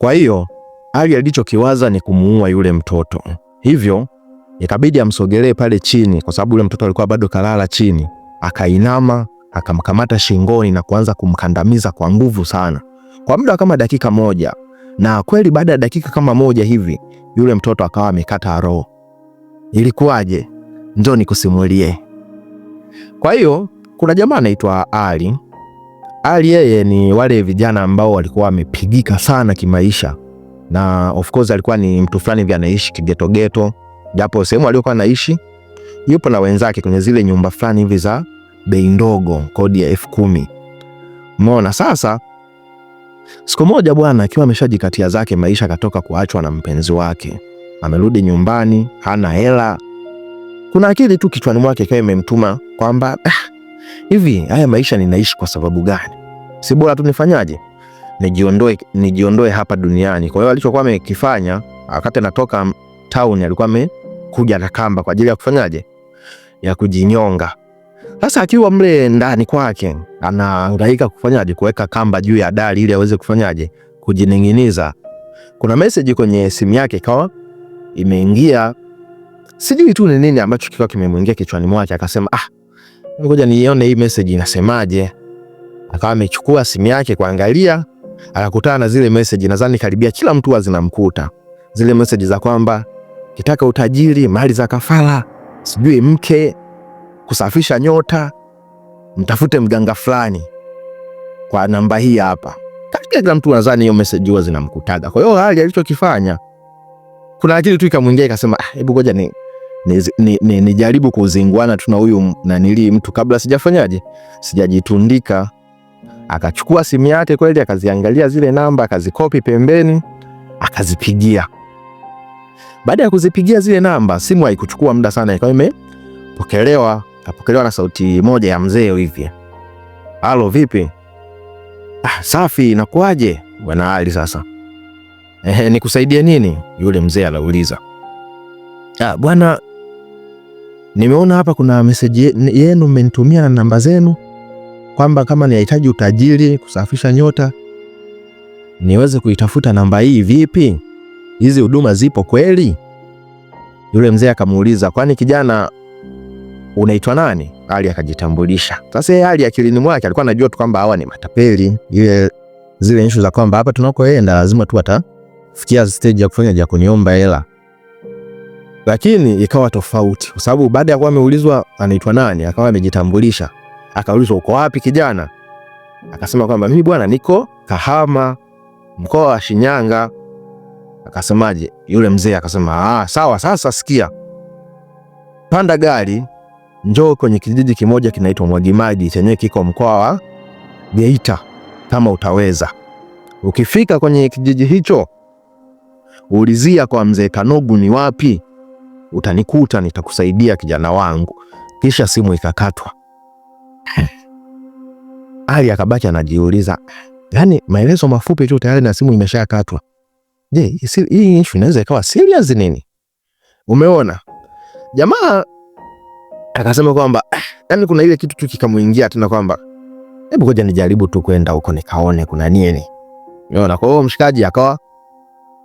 Kwa hiyo Ali alichokiwaza ni kumuua yule mtoto, hivyo ikabidi amsogelee pale chini, kwa sababu yule mtoto alikuwa bado kalala chini. Akainama akamkamata shingoni na kuanza kumkandamiza kwa nguvu sana kwa muda kama dakika moja, na kweli baada ya dakika kama moja hivi yule mtoto akawa amekata roho. Ilikuwaje? Njoo nikusimulie. Kwa hiyo kuna jamaa anaitwa Ali ali yeye ni wale vijana ambao walikuwa wamepigika sana kimaisha, na of course alikuwa ni mtu fulani vya anaishi kigeto geto, japo sehemu aliyokuwa anaishi yupo na wenzake kwenye zile nyumba fulani hivi za bei ndogo, kodi ya elfu kumi. Umeona sasa. Siku moja bwana akiwa ameshajikatia zake maisha, akatoka kuachwa na mpenzi wake, amerudi nyumbani, hana hela. Kuna akili tu kichwani mwake ikawa imemtuma kwamba ah, hivi haya maisha ninaishi kwa sababu gani? si bora tu nifanyaje, nijiondoe, nijiondoe hapa duniani. Kwa hiyo alichokuwa amekifanya wakati anatoka town, alikuwa amekuja na kamba kwa ajili ya kufanyaje, ya kujinyonga. Sasa akiwa mle ndani kwake anahangaika kufanyaje, kuweka kamba juu ya dari ili aweze kufanyaje, kujining'iniza. Kuna message kwenye simu yake ikawa imeingia, sijui tu ni nini ambacho kikawa kimemwingia kichwani mwake, akasema ah, ngoja nione hii message inasemaje akawa amechukua simu yake kuangalia, akakutana na zile message. Nadhani karibia kila mtu azinamkuta zile message za kwamba kitaka utajiri, mali za kafara, sijui mke, kusafisha nyota, mtafute mganga fulani kwa namba hii hapa. Kila mtu nadhani hiyo message huwa zinamkutaga. Kwa hiyo hali alichokifanya, kuna akili tu ikamwingia ikasema, ah, hebu ngoja ni nijaribu ni, ni, ni kuzinguana tu na huyu nanili mtu kabla sijafanyaje, sijajitundika akachukua simu yake kweli, akaziangalia zile namba, akazikopi pembeni, akazipigia. Baada ya kuzipigia zile namba, simu haikuchukua muda sana, ikawa imepokelewa, apokelewa na sauti moja ya mzee hivi, halo, vipi? Ah, safi, inakuaje bwana Ali? Sasa ehe, nikusaidie nini? Yule mzee alauliza. Ah, bwana, nimeona hapa kuna meseji yenu mmenitumia na namba zenu kwamba kama ninahitaji utajiri, kusafisha nyota, niweze kuitafuta namba hii vipi? Hizi huduma zipo kweli? Yule mzee akamuuliza, kwani kijana unaitwa nani? Ali akajitambulisha. Sasa yeye Ali akilini mwake alikuwa anajua tu kwamba hawa ni matapeli, ile zile issue za kwamba hapa tunakoenda lazima tu atafikia stage ya kufanya ya kuniomba hela. Lakini ikawa tofauti, kwa sababu baada ya kuwa ameulizwa anaitwa nani, akawa amejitambulisha Akaulizwa, uko wapi kijana? Akasema kwamba mimi bwana, niko Kahama, mkoa wa Shinyanga. Akasemaje yule mzee? Akasema ah, sawa. Sasa sikia, panda gari, njoo kwenye kijiji kimoja kinaitwa Mwagimaji chenye kiko mkoa wa Geita kama utaweza. Ukifika kwenye kijiji hicho, ulizia kwa mzee Kanogu ni wapi, utanikuta, nitakusaidia kijana wangu. Kisha simu ikakatwa. Ali akabaki anajiuliza, yani maelezo mafupi tu tayari na simu imeshakatwa. Je, hii issue inaweza ikawa serious nini? Umeona jamaa akasema kwamba yani kuna ile kitu tu kikamuingia tena kwamba hebu ngoja nijaribu tu kwenda huko nikaone kuna nini. Umeona? Kwa hiyo mshikaji akawa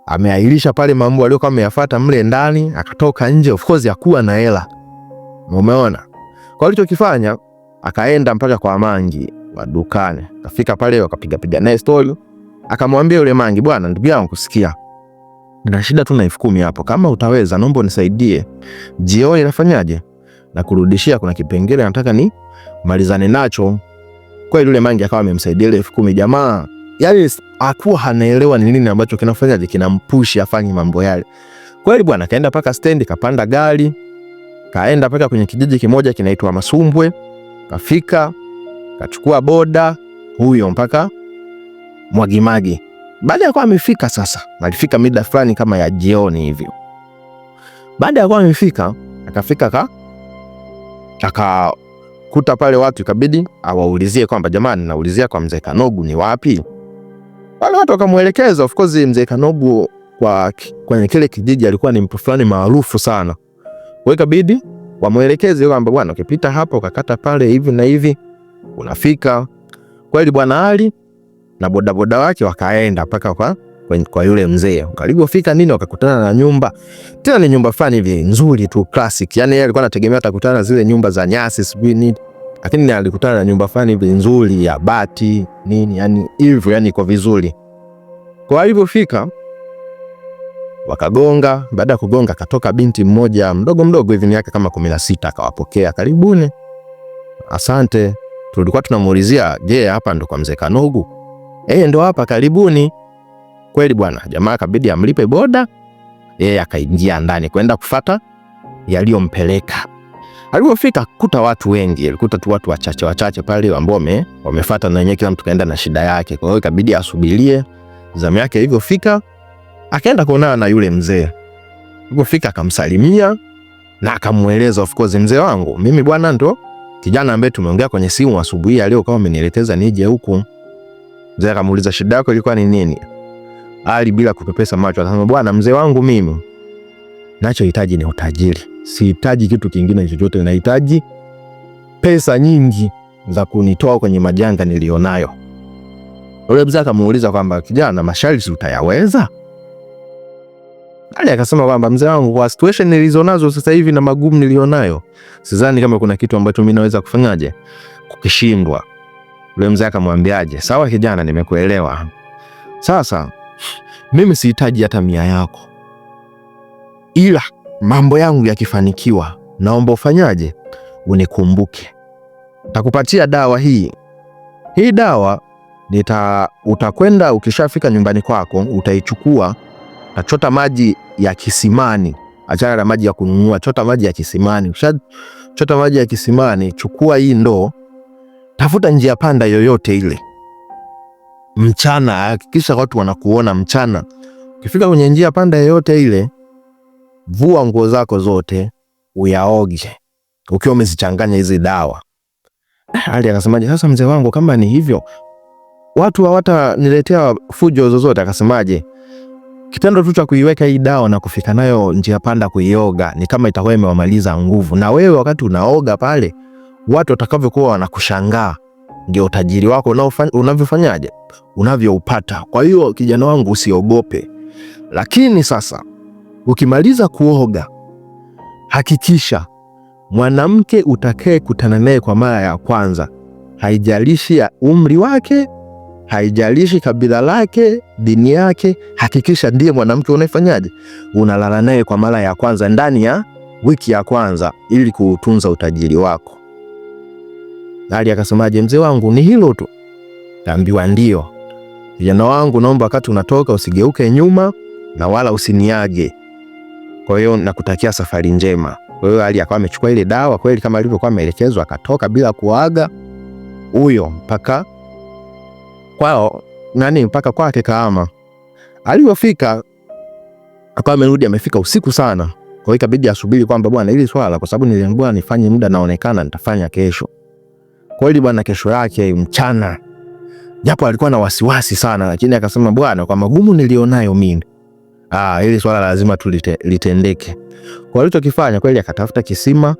ameahirisha pale mambo aliyokuwa ameyafuata mle ndani, akatoka nje, of course hakuwa na hela. Umeona? Kwa hiyo alichokifanya Akaenda mpaka kwa mangi wa dukani, akafika pale, wakapiga piga naye story, akamwambia yule mangi, bwana ndugu yangu, kusikia na shida tu na elfu kumi hapo, kama utaweza naomba unisaidie. Jioni nafanyaje na kurudishia, kuna kipengele nataka ni malizane nacho. Kwa yule mangi akawa amemsaidia ile elfu kumi jamaa, yani akuwa hanaelewa ni nini ambacho kinafanyaje kinampushi afanye mambo yale. Kweli bwana, kaenda paka stendi, kapanda gari, kaenda paka kwenye kijiji kimoja kinaitwa Masumbwe Kafika kachukua boda huyo mpaka Mwagimagi. Baada ya kuwa amefika sasa, alifika mida fulani kama ya jioni hivyo. Baada ya kuwa amefika, akafika ka akakuta pale watu, ikabidi awaulizie kwamba jamani, naulizia kwa mzee Kanogu ni wapi? Wale watu wakamwelekeza. Of course mzee Kanogu kwa kwenye kile kijiji alikuwa ni mtu fulani maarufu sana, kwa ikabidi wamwelekeze kwamba bwana, ukipita hapa ukakata pale hivi na hivi unafika. Kweli bwana Ali na bodaboda wake wakaenda mpaka kwa, kwa yule mzee. Walipofika nini, wakakutana na nyumba, tena ni nyumba fulani hivi nzuri tu classic. Yani yeye alikuwa anategemea atakutana zile nyumba za nyasi sijui nini, lakini alikutana na nyumba fulani hivi nzuri ya bati nini, yani hivyo, yani kwa vizuri. Kwa alipofika Wakagonga. Baada ya kugonga, katoka binti mmoja mdogo mdogo hivi miaka kama 16, akawapokea karibuni, asante. Tulikuwa tunamuulizia je, hapa ndo kwa mzee Kanogu? Eh, ndo hapa, karibuni. Kweli bwana, jamaa kabidi amlipe boda, yeye akaingia ndani kwenda kufata yaliyompeleka. Alipofika kuta watu wengi, alikuta tu watu wachache wachache pale ambao wamefuata na wenyewe, kila mtu kaenda na shida yake, kwa hiyo ikabidi asubirie zamu yake ilivyofika Akaenda kuonana na yule mzee, alipofika akamsalimia na akamweleza, of course, mzee wangu, mimi bwana ndo kijana ambaye tumeongea kwenye simu asubuhi ya leo, kama amenielekeza nije huku. Mzee akamuuliza shida yako ilikuwa ni nini? Ali bila kupepesa macho akasema, bwana mzee wangu, mimi nachohitaji ni utajiri, sihitaji kitu kingine chochote, nahitaji pesa nyingi za kunitoa kwenye majanga nilionayo. Yule mzee akamuuliza kwamba kijana, masharti utayaweza? Ali akasema kwamba mzee wangu, kwa situation nilizonazo sasa hivi na magumu nilionayo, sidhani kama kuna kitu ambacho mimi naweza kufanyaje kukishindwa. Yule mzee akamwambiaje, sawa kijana, nimekuelewa. Sasa mimi sihitaji hata mia yako, ila mambo yangu yakifanikiwa, naomba ufanyaje, unikumbuke. Takupatia dawa hii hii dawa nita, utakwenda ukishafika nyumbani kwako utaichukua Nachota maji ya kisimani, achana na maji ya kununua, chota maji ya kisimani. Ukishachota maji ya kisimani, chukua hii ndoo, tafuta njia panda yoyote ile mchana, hakikisha watu wanakuona mchana. Ukifika kwenye njia panda yoyote ile, vua nguo zako zote, uyaoge ukiwa umezichanganya hizi dawa. Ah, Ali akasemaje sasa, mzee wangu, kama ni hivyo watu hawataniletea fujo zozote? Akasemaje, kitendo tu cha kuiweka hii dawa na kufika nayo njia panda kuioga ni kama itakuwa imewamaliza nguvu, na wewe wakati unaoga pale, watu watakavyokuwa wanakushangaa ndio utajiri wako unavyofanyaje, unavyoupata. Kwa hiyo kijana wangu, usiogope. Lakini sasa ukimaliza kuoga, hakikisha mwanamke kutana naye kwa mara ya kwanza, haijalishi ya umri wake haijalishi kabila lake, dini yake, hakikisha ndiye mwanamke unaifanyaje, unalala naye kwa mara ya kwanza ndani ya wiki ya kwanza, ili kuutunza utajiri wako. Ali akasemaje? Mzee wangu, ni hilo tu? Kaambiwa ndio. Vijana wangu, naomba wakati unatoka usigeuke nyuma na wala usiniage. Kwa hiyo nakutakia safari njema. Kwa hiyo Ali akawa amechukua ile dawa kweli kama alivyokuwa ameelekezwa, akatoka bila kuaga huyo mpaka kwao nani mpaka kwake Kahama. Alipofika akawa amerudi amefika usiku sana, kwa hiyo ikabidi asubiri kwamba bwana, ili swala kwa sababu niliambiwa nifanye muda naonekana nitafanya kesho. Kwa hiyo bwana, kesho yake mchana, japo alikuwa na wasiwasi sana, lakini akasema bwana, kwa magumu nilionayo mimi ah, ili swala lazima tulitendeke. Kwa hiyo alichokifanya kweli, akatafuta kisima,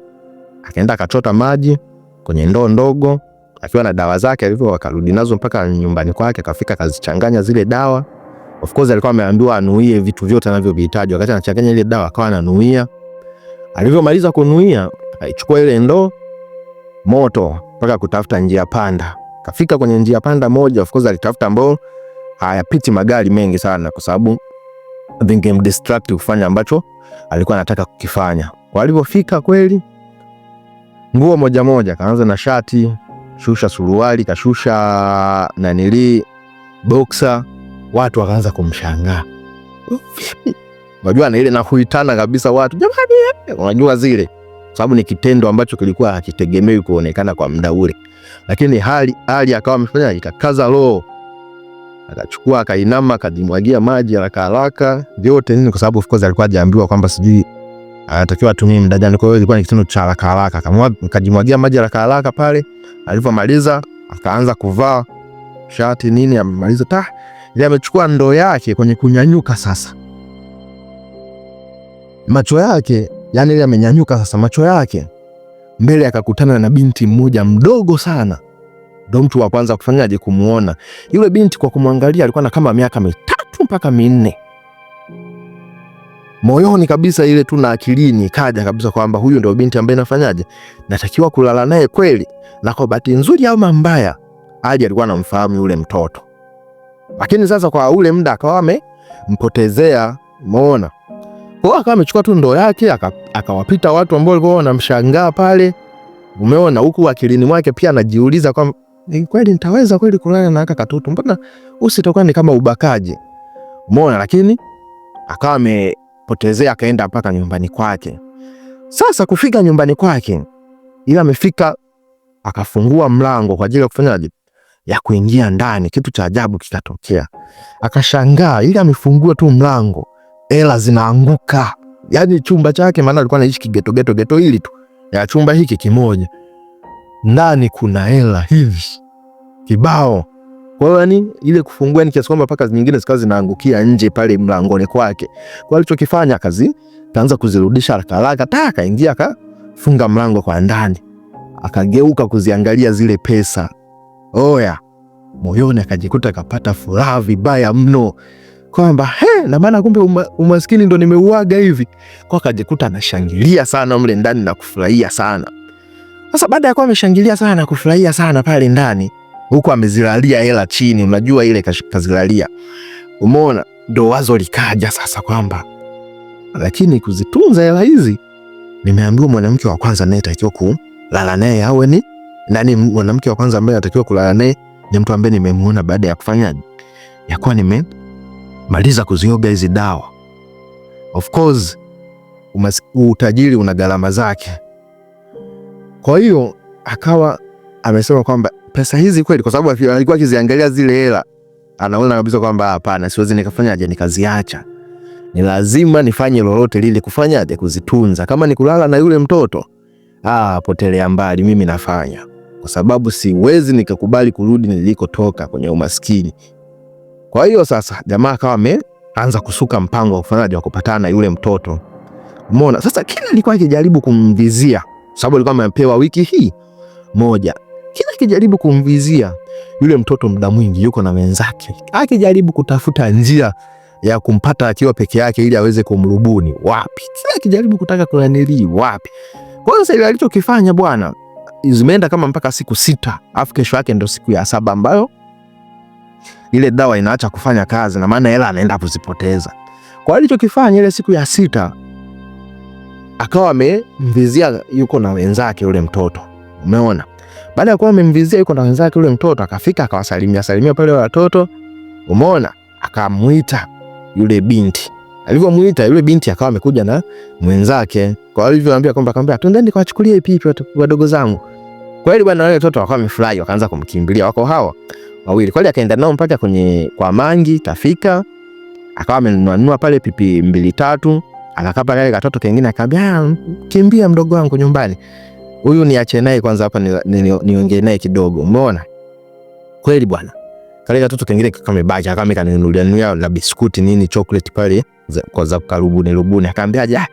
akaenda akachota maji kwenye ndoo ndogo akiwa na dawa zake hivyo, akarudi nazo mpaka nyumbani kwake, akafika akazichanganya zile dawa. Of course alikuwa ameambiwa anuie vitu vyote anavyovihitaji. Wakati anachanganya ile dawa akawa ananuia. Alivyomaliza kunuia, aichukua ile ndoo moto mpaka kutafuta njia panda. Kafika kwenye njia panda moja, of course alitafuta ambao hayapiti magari mengi sana, kwa sababu ingemdistract kufanya ambacho alikuwa anataka kukifanya. Walivyofika kweli, nguo moja moja kaanza na shati kashusha suruali, kashusha nanili boksa, watu wakaanza kumshangaa Najua na ile kabisa watu jamani, eh! unajua zile sababu ni kitendo ambacho kilikuwa hakitegemewi kuonekana kwa muda ule, lakini hali hali akawa amefanya ikakaza roho, akachukua akainama, akajimwagia maji haraka haraka, vyote nini, kwa sababu of course alikuwa hajaambiwa kwamba sijui anatakiwa atumie muda gani. Kwa hiyo ilikuwa ni kitendo cha haraka haraka, akajimwagia maji haraka haraka pale. Alipomaliza akaanza kuvaa shati nini, amemaliza ta ile, amechukua ndoo yake kwenye kunyanyuka sasa, macho yake yani ile amenyanyuka sasa, macho yake mbele akakutana na binti mmoja mdogo sana, ndo mtu wa kwanza kufanyaje, kumuona yule binti. Kwa kumwangalia alikuwa na kama miaka mitatu mpaka minne moyoni kabisa ile tu na akilini kaja kabisa kwamba huyu ndio binti ambaye nafanyaje, natakiwa kulala naye kweli. Na kwa bahati nzuri au mbaya, Ali alikuwa anamfahamu yule mtoto, lakini sasa kwa ule muda akawa amempotezea, umeona. Kwa hiyo akawa amechukua tu ndoo yake akawapita aka watu ambao walikuwa wanamshangaa pale, umeona, huku akilini mwake pia anajiuliza kwa kwamba kweli nitaweza kweli kulala na haka katoto, mbona usitakuwa ni kama ubakaji, umeona. Lakini akawa ame potezea akaenda mpaka nyumbani kwake. Sasa kufika nyumbani kwake, ila amefika akafungua mlango kwa ajili ya kufanya ya kuingia ndani, kitu cha ajabu kikatokea. Akashangaa, ili amefungua tu mlango, hela zinaanguka. yani chumba chake, maana alikuwa anaishi kigeto geto geto, hili tu ya chumba hiki kimoja, ndani kuna hela hivi kibao kwa hiyo yani ile kufungua ni kiasi kwamba paka nyingine zikawa zinaangukia nje pale mlangoni kwake. Kwa alichokifanya kazi kaanza kuzirudisha haraka haraka, taka kaingia akafunga mlango kwa ndani, akageuka kuziangalia zile pesa. Oya, moyoni akajikuta akapata furaha vibaya mno kwamba he, na maana kumbe uma, umaskini ndo nimeuaga hivi. Kwa akajikuta anashangilia sana mle ndani na kufurahia sana. Sasa baada ya kuwa ameshangilia sana na kufurahia sana pale ndani huku amezilalia hela chini, unajua ile kazilalia. Umeona, ndo wazo likaja sasa kwamba lakini kuzitunza hela hizi, nimeambiwa mwanamke wa kwanza anayetakiwa kulala naye awe ni nani? Mwanamke wa kwanza ambaye anatakiwa kulala naye ni mtu ambaye nimemuona baada ya kufanya ya kuwa nimemaliza kuzioga hizi dawa. Of course umas, utajiri una gharama zake, kwa hiyo akawa amesema kwamba pesa hizi kweli, kwa sababu alikuwa akiziangalia zile hela, anaona kabisa kwamba hapana, siwezi nikafanyaje nikaziacha, ni lazima nifanye lolote lile kufanyaje kuzitunza. Kama ni kulala na yule mtoto, ah, potelea mbali, mimi nafanya kwa sababu siwezi nikakubali kurudi nilikotoka kwenye umaskini. Kwa hiyo sasa jamaa akawa ameanza kusuka mpango wa kufanyaje wa kupatana na yule mtoto. Umeona sasa, kila alikuwa akijaribu kumvizia, sababu alikuwa amepewa wiki hii moja kila akijaribu kumvizia yule mtoto, muda mwingi yuko na wenzake, akijaribu kutafuta njia ya kumpata akiwa peke yake ili aweze kumrubuni, wapi? Kila akijaribu kutaka kunanili, wapi? Kwa Kwanza ile alichokifanya bwana, zimeenda kama mpaka siku sita, afu kesho yake ndo siku ya saba ambayo ile dawa inaacha kufanya kazi, na maana hela anaenda kuzipoteza. Kwa alichokifanya ile siku ya sita, akawa amemvizia yuko na wenzake yule mtoto, umeona baada ya kuwa amemvizia yuko na wenzake yule mtoto akafika akawasalimia salimia pale watoto. Umeona? Akamuita yule binti. Alivyomuita yule binti akawa amekuja na mwenzake. Kwa hivyo anambia kwamba akamwambia twendeni kuwachukulia pipi wadogo zangu. Kweli bwana wale watoto wakawa wamefurahi wakaanza kumkimbilia wako hawa wawili. Kweli akaenda nao mpaka kwenye kwa mangi tafika. Akawa amenunua pale pipi mbili tatu. Akakapa kale katoto kengine akamwambia kimbia mdogo wangu nyumbani huyu niache naye kwanza hapa niongee naye kidogo. Umeona? Kweli bwana. Kale katoto kingine kamebaki, akame kaninunulia nunulia la biskuti nini chocolate pale kwa za karubuni rubuni. akaambia ah,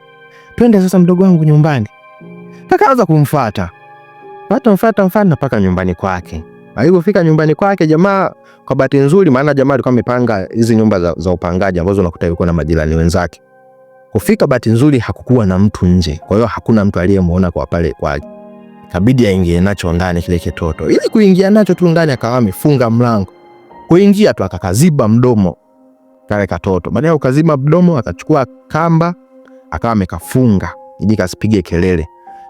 twende sasa mdogo wangu nyumbani. Akaanza kumfuata. Pata mfuata mfano mpaka nyumbani kwake. Alipofika nyumbani kwake jamaa, kwa bahati nzuri, maana jamaa alikuwa amepanga hizi nyumba za, za upangaji ambazo unakuta yuko na majirani wenzake. Kufika bahati nzuri hakukuwa na mtu nje, kwa hiyo hakuna mtu aliyemuona kwa pale kwake kabidi aingie nacho ndani kile kitoto. Ili kuingia nacho tu ndani, akawa amefunga mlango, kuingia tu akakaziba mdomo kale katoto. Baada ya kukaziba mdomo, akachukua kamba akawa amekafunga ili kasipige kelele,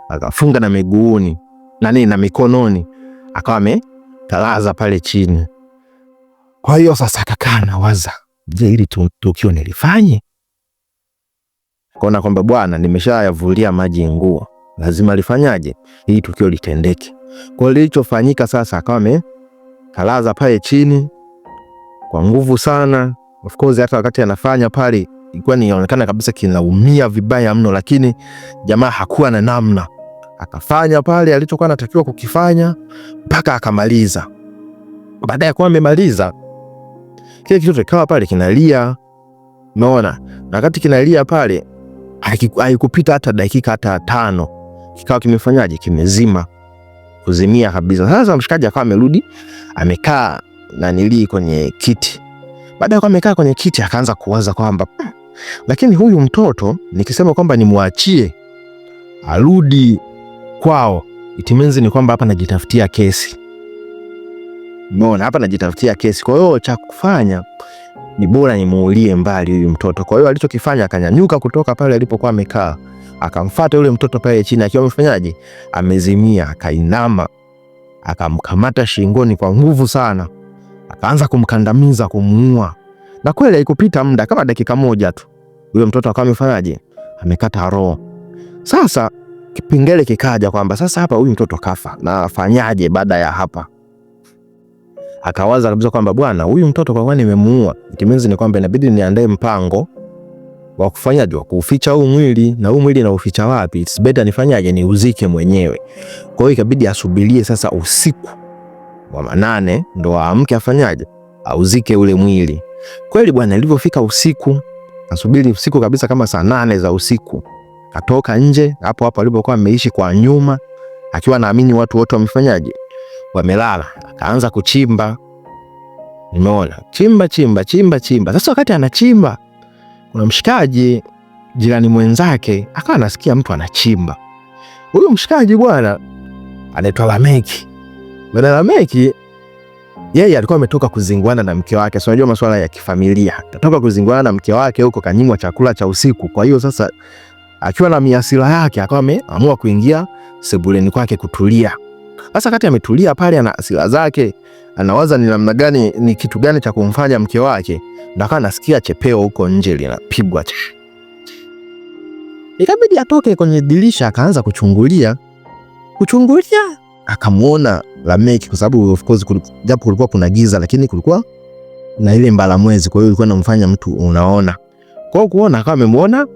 akafunga na miguuni na nini na mikononi, akawa amekalaza pale chini. Kwa hiyo sasa kakaa nawaza, je, ili tukio nilifanye? Kaona kwamba bwana, nimeshayavulia maji nguo lazima lifanyaje hii tukio litendeke. Kwa hiyo lilichofanyika sasa, akawa amekalaza pale chini kwa nguvu sana. Of course hata wakati anafanya pale ilikuwa inaonekana kabisa kinaumia vibaya mno, lakini jamaa hakuwa na namna, akafanya pale alichokuwa anatakiwa kukifanya mpaka akamaliza. Baada ya kuwa amemaliza kile kitu kikawa pale kinalia, umeona, na wakati kinalia pale haikupita hata dakika hata tano kikawa kimefanyaje, kimezima kuzimia kabisa. Sasa mshikaji akawa amerudi amekaa nanilii kwenye kiti. Baada ya kuwa amekaa kwenye kiti, akaanza kuwaza kwamba hmm, lakini huyu mtoto nikisema kwamba nimwachie arudi kwao, itimenzi ni kwamba hapa najitafutia kesi. Mbona hapa najitafutia kesi. Kwa hiyo cha kufanya ni bora nimuulie mbali huyu mtoto. Kwa hiyo alichokifanya, akanyanyuka kutoka pale alipokuwa amekaa akamfata yule mtoto pale chini akiwa amefanyaje, amezimia. Akainama akamkamata shingoni kwa nguvu sana, akaanza kumkandamiza, kumuua. Na kweli haikupita muda kama dakika moja tu, yule mtoto akawa amefanyaje, amekata roho. Sasa kipengele kikaja kwamba sasa hapa huyu mtoto kafa, na afanyaje baada ya hapa? Akawaza kabisa kwamba bwana, huyu mtoto kwa kwani nimemuua, it ni kwamba inabidi niandae mpango wa kufanyaje, wa kuficha huu mwili, na huu mwili na uficha wapi? It's better nifanyaje, niuzike mwenyewe. Kwa hiyo ikabidi asubirie sasa usiku wa manane ndo aamke afanyaje, auzike ule mwili. Kweli bwana, ilivyofika usiku, asubiri usiku kabisa, kama saa nane za usiku katoka nje hapo hapo alipokuwa ameishi kwa nyuma, akiwa naamini watu wote wamefanyaje, wamelala. Akaanza kuchimba, nimeona chimba chimba chimba chimba. Sasa wakati anachimba kuna mshikaji jirani mwenzake akawa anasikia mtu anachimba. Huyu mshikaji bwana anaitwa Lameki. Bwana Lameki yeye alikuwa ametoka kuzinguana na mke wake. Unajua masuala ya kifamilia, katoka kuzinguana na mke wake huko, kanyimwa chakula cha usiku. Kwa hiyo sasa, akiwa na miasira yake, akawa ameamua kuingia sebuleni kwake kutulia. Sasa kati ametulia pale, ana hasira zake, anawaza ni namna gani, ni kitu gani cha kumfanya mke wake, ndo akawa nasikia chepeo huko nje linapigwa. Ikabidi atoke kwenye dirisha, akaanza kuchungulia kuchungulia, akamwona Lameki, kwa sababu of course, japo kulikuwa kuna giza, lakini kulikuwa na ile mbala mwezi, kwa hiyo ilikuwa inamfanya mtu unaona. Kwa hiyo kuona kama amemwona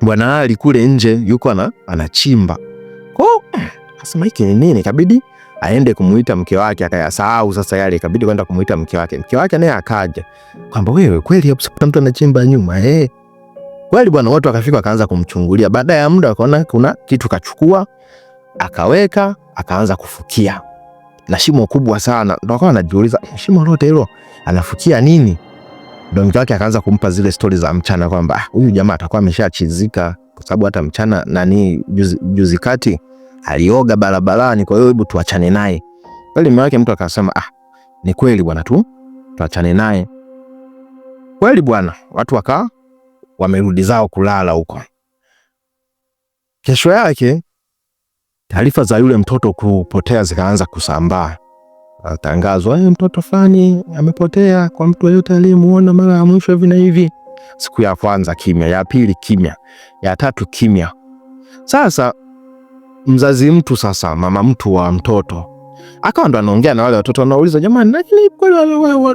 Bwana Ali kule nje yuko ana anachimba Akasema hiki ni nini? Ikabidi aende kumuita mke wake, akayasahau sasa yale, ikabidi kwenda kumuita mke wake. Mke wake naye akaja kwamba wewe kweli hapo kuna mtu anachimba nyuma eh. Kweli bwana, watu wakafika wakaanza kumchungulia. Baada ya muda wakaona kuna kitu kachukua, akaweka, akaanza kufukia na shimo kubwa sana. Ndo akawa anajiuliza eh, shimo lote hilo anafukia nini? Ndo mke wake akaanza kumpa zile stori za mchana kwamba ah, huyu jamaa atakuwa ameshachizika, kwa sababu hata mchana nani juzi, juzi kati alioga barabarani, kwa hiyo hebu tuachane naye. Kweli mume wake mtu akasema, ah, ni kweli bwana, tu tuachane naye. Kweli bwana, watu waka wamerudi zao kulala huko. Kesho yake taarifa za yule mtoto kupotea zikaanza kusambaa, atangazwa e, eh, mtoto fulani amepotea, kwa mtu yeyote aliyemuona mara ya mwisho hivi na hivi. Siku ya kwanza kimya, ya pili kimya, ya tatu kimya. Sasa mzazi mtu sasa, mama mtu wa mtoto akawa ndo anaongea na wale watoto, anauliza jamani, lakini kweli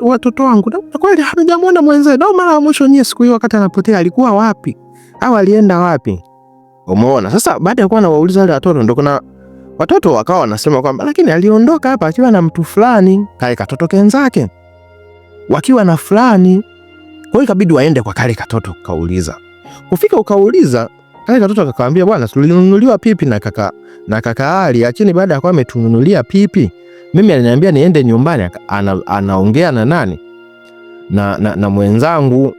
watoto wangu kweli hamjamwona mwenzee? Ndio mara ya mwisho nyie siku hiyo wakati anapotea alikuwa wapi au alienda wapi? Umeona? Sasa baada ya kuwa anawauliza wale watoto, ndo kuna watoto wakawa wanasema kwamba lakini aliondoka hapa akiwa na mtu fulani, kale katoto kenzake wakiwa na fulani. Kwa hiyo ikabidi waende kwa kale katoto, kauliza kufika, ukauliza Kale katoto akakamwambia, bwana, tulinunuliwa pipi na kaka na kaka Ali, lakini baada ya kuwa ametununulia pipi, mimi aliniambia niende nyumbani, anaongea ana na nani na, na, na mwenzangu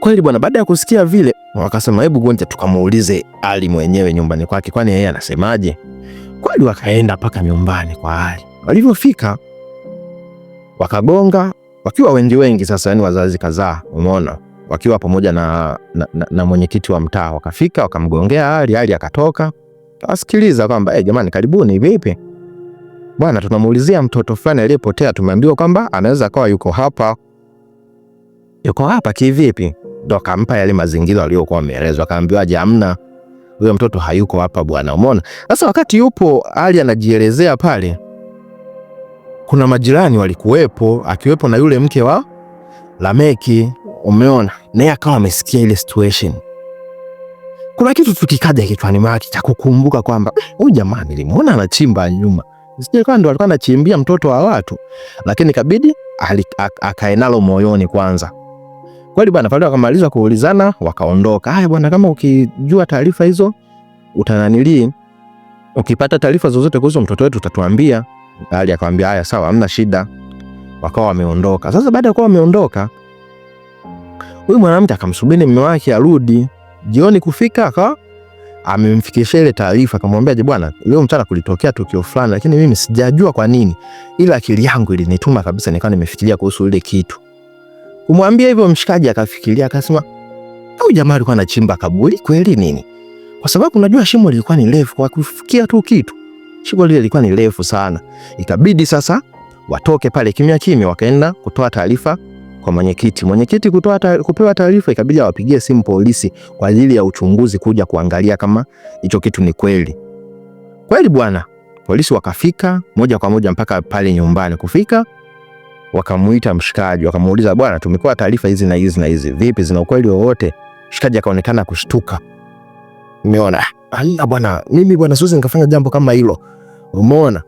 kweli bwana. Baada ya kusikia vile, wakasema hebu gonja tukamuulize Ali mwenyewe nyumbani kwake, kwani yeye anasemaje. Kweli wakaenda mpaka nyumbani kwa Ali. Walivyofika wakagonga, wakiwa wengi wengi, sasa yani wazazi kadhaa, umeona wakiwa pamoja na, na, na, na mwenyekiti wa mtaa wakafika, wakamgongea Ali. Ali akatoka kawasikiliza kwamba hey, eh, jamani, karibuni, vipi bwana, tunamuulizia mtoto fulani aliyepotea, tumeambiwa kwamba anaweza kawa yuko hapa. Yuko hapa kivipi? Ndo akampa yale mazingira aliyokuwa ameelezwa, akaambiwaje, hamna, huyo mtoto hayuko hapa bwana. Umeona sasa, wakati yupo Ali anajielezea pale, kuna majirani walikuwepo, akiwepo na yule mke wa Lameki. Umeona, naye akawa amesikia ile situation. Kuna kitu tukikaja kichwani mwake cha kukumbuka kwamba huyu jamaa nilimuona anachimba nyuma, sijui kama ndo alikuwa anachimbia mtoto wa watu, lakini kabidi akae nalo moyoni kwanza. Kweli bwana, pale wakamaliza kuulizana, wakaondoka. Haya bwana, kama ukijua taarifa hizo utananilii, ukipata taarifa zozote kuhusu mtoto wetu utatuambia. Ali akamwambia haya sawa, hamna shida. Wakawa wameondoka. Sasa baada ya kuwa wameondoka Huyu mwanamke akamsubiri mume wake arudi. Jioni kufika akawa amemfikishia ile taarifa, akamwambia je, bwana, leo mchana kulitokea tukio fulani, lakini mimi sijajua kwa nini, ila akili yangu ilinituma kabisa, nikawa nimefikiria kuhusu ile kitu. Kumwambia hivyo, mshikaji akafikiria, akasema au jamaa alikuwa anachimba kaburi kweli nini? Kwa sababu unajua shimo lilikuwa ni refu, kwa kufikia tu kitu, shimo lile lilikuwa ni refu sana. Ikabidi sasa watoke pale kimya kimya, wakaenda kutoa taarifa kwa mwenyekiti. Mwenyekiti kutoa ta, kupewa taarifa, ikabidi awapigie simu polisi kwa ajili ya uchunguzi, kuja kuangalia kama hicho kitu ni kweli kweli. Bwana polisi wakafika moja kwa moja mpaka pale nyumbani. Kufika wakamuita mshikaji, wakamuuliza bwana, tumepewa taarifa hizi na hizi na hizi, vipi, zina ukweli wowote? Mshikaji akaonekana kushtuka, umeona Hala bwana, mimi bwana siwezi nikafanya jambo kama hilo, umeona.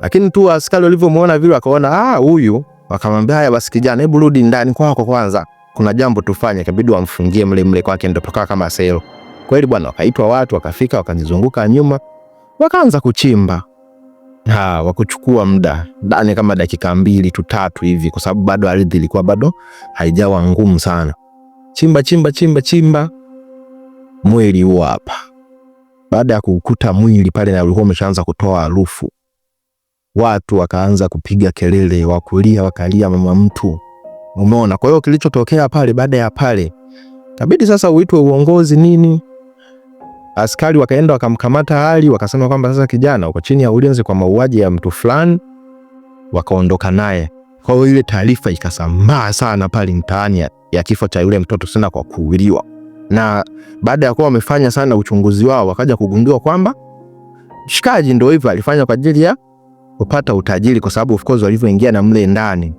Lakini tu askari walivyomuona vile, akaona ah, huyu Wakamwambia haya basi, kijana, hebu rudi ndani kwako kwanza, kuna jambo tufanye. Ikabidi wamfungie mle mle kwake, ndio pakawa kama selo kweli bwana. Wakaitwa watu wakafika, wakanizunguka nyuma, wakaanza kuchimba ha, wakuchukua muda ndani kama dakika mbili tu tatu hivi, kwa sababu bado ardhi ilikuwa bado haijawa ngumu sana. Chimba chimba chimba chimba, mwili huo hapa. Baada ya kukuta mwili pale, na ulikuwa umeshaanza kutoa harufu watu wakaanza kupiga kelele, wakulia, wakalia mama mtu, umeona. Kwa hiyo kilichotokea pale, baada ya pale kabidi sasa uitwe uongozi nini, askari wakaenda wakamkamata hali, wakasema kwamba sasa kijana uko chini ya ulinzi kwa mauaji ya mtu fulani, wakaondoka naye. Kwa hiyo ile taarifa ikasambaa sana pale mtaani ya kifo cha yule mtoto sana kwa kuuliwa, na baada ya kuwa wamefanya sana uchunguzi wao, wakaja kugundua kwamba shikaji ndio hivyo alifanya kwa ajili ya kupata utajiri, kwa sababu of course walivyoingia na mle ndani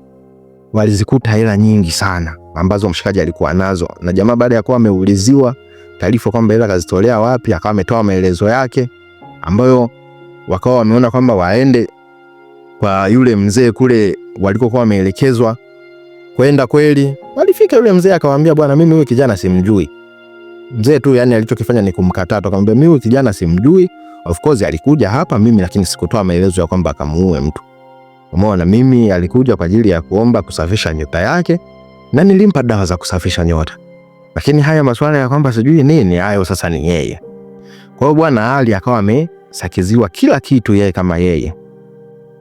walizikuta hela nyingi sana ambazo mshikaji alikuwa nazo, na jamaa baada ya kuwa ameuliziwa taarifa kwamba hela kazitolea wapi, akawa ametoa maelezo yake ambayo wakawa wameona kwamba waende kwa yule mzee kule walikokuwa wameelekezwa kwenda. Kweli walifika, yule mzee akawaambia, bwana, mimi huyu kijana simjui. Mzee tu yani alichokifanya ni kumkataa akamwambia, mimi huyu kijana simjui Of course alikuja hapa mimi, lakini sikutoa maelezo ya kwamba akamuue mtu. Umeona, mimi alikuja kwa ajili ya kuomba kusafisha nyota yake na nilimpa dawa za kusafisha nyota, lakini haya masuala ya kwamba sijui nini hayo sasa ni yeye. Kwa hiyo bwana Ali akawa amesakiziwa kila kitu yeye kama yeye,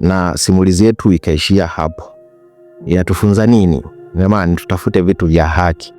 na simulizi yetu ikaishia hapo. Inatufunza nini? Jamani, tutafute vitu vya haki.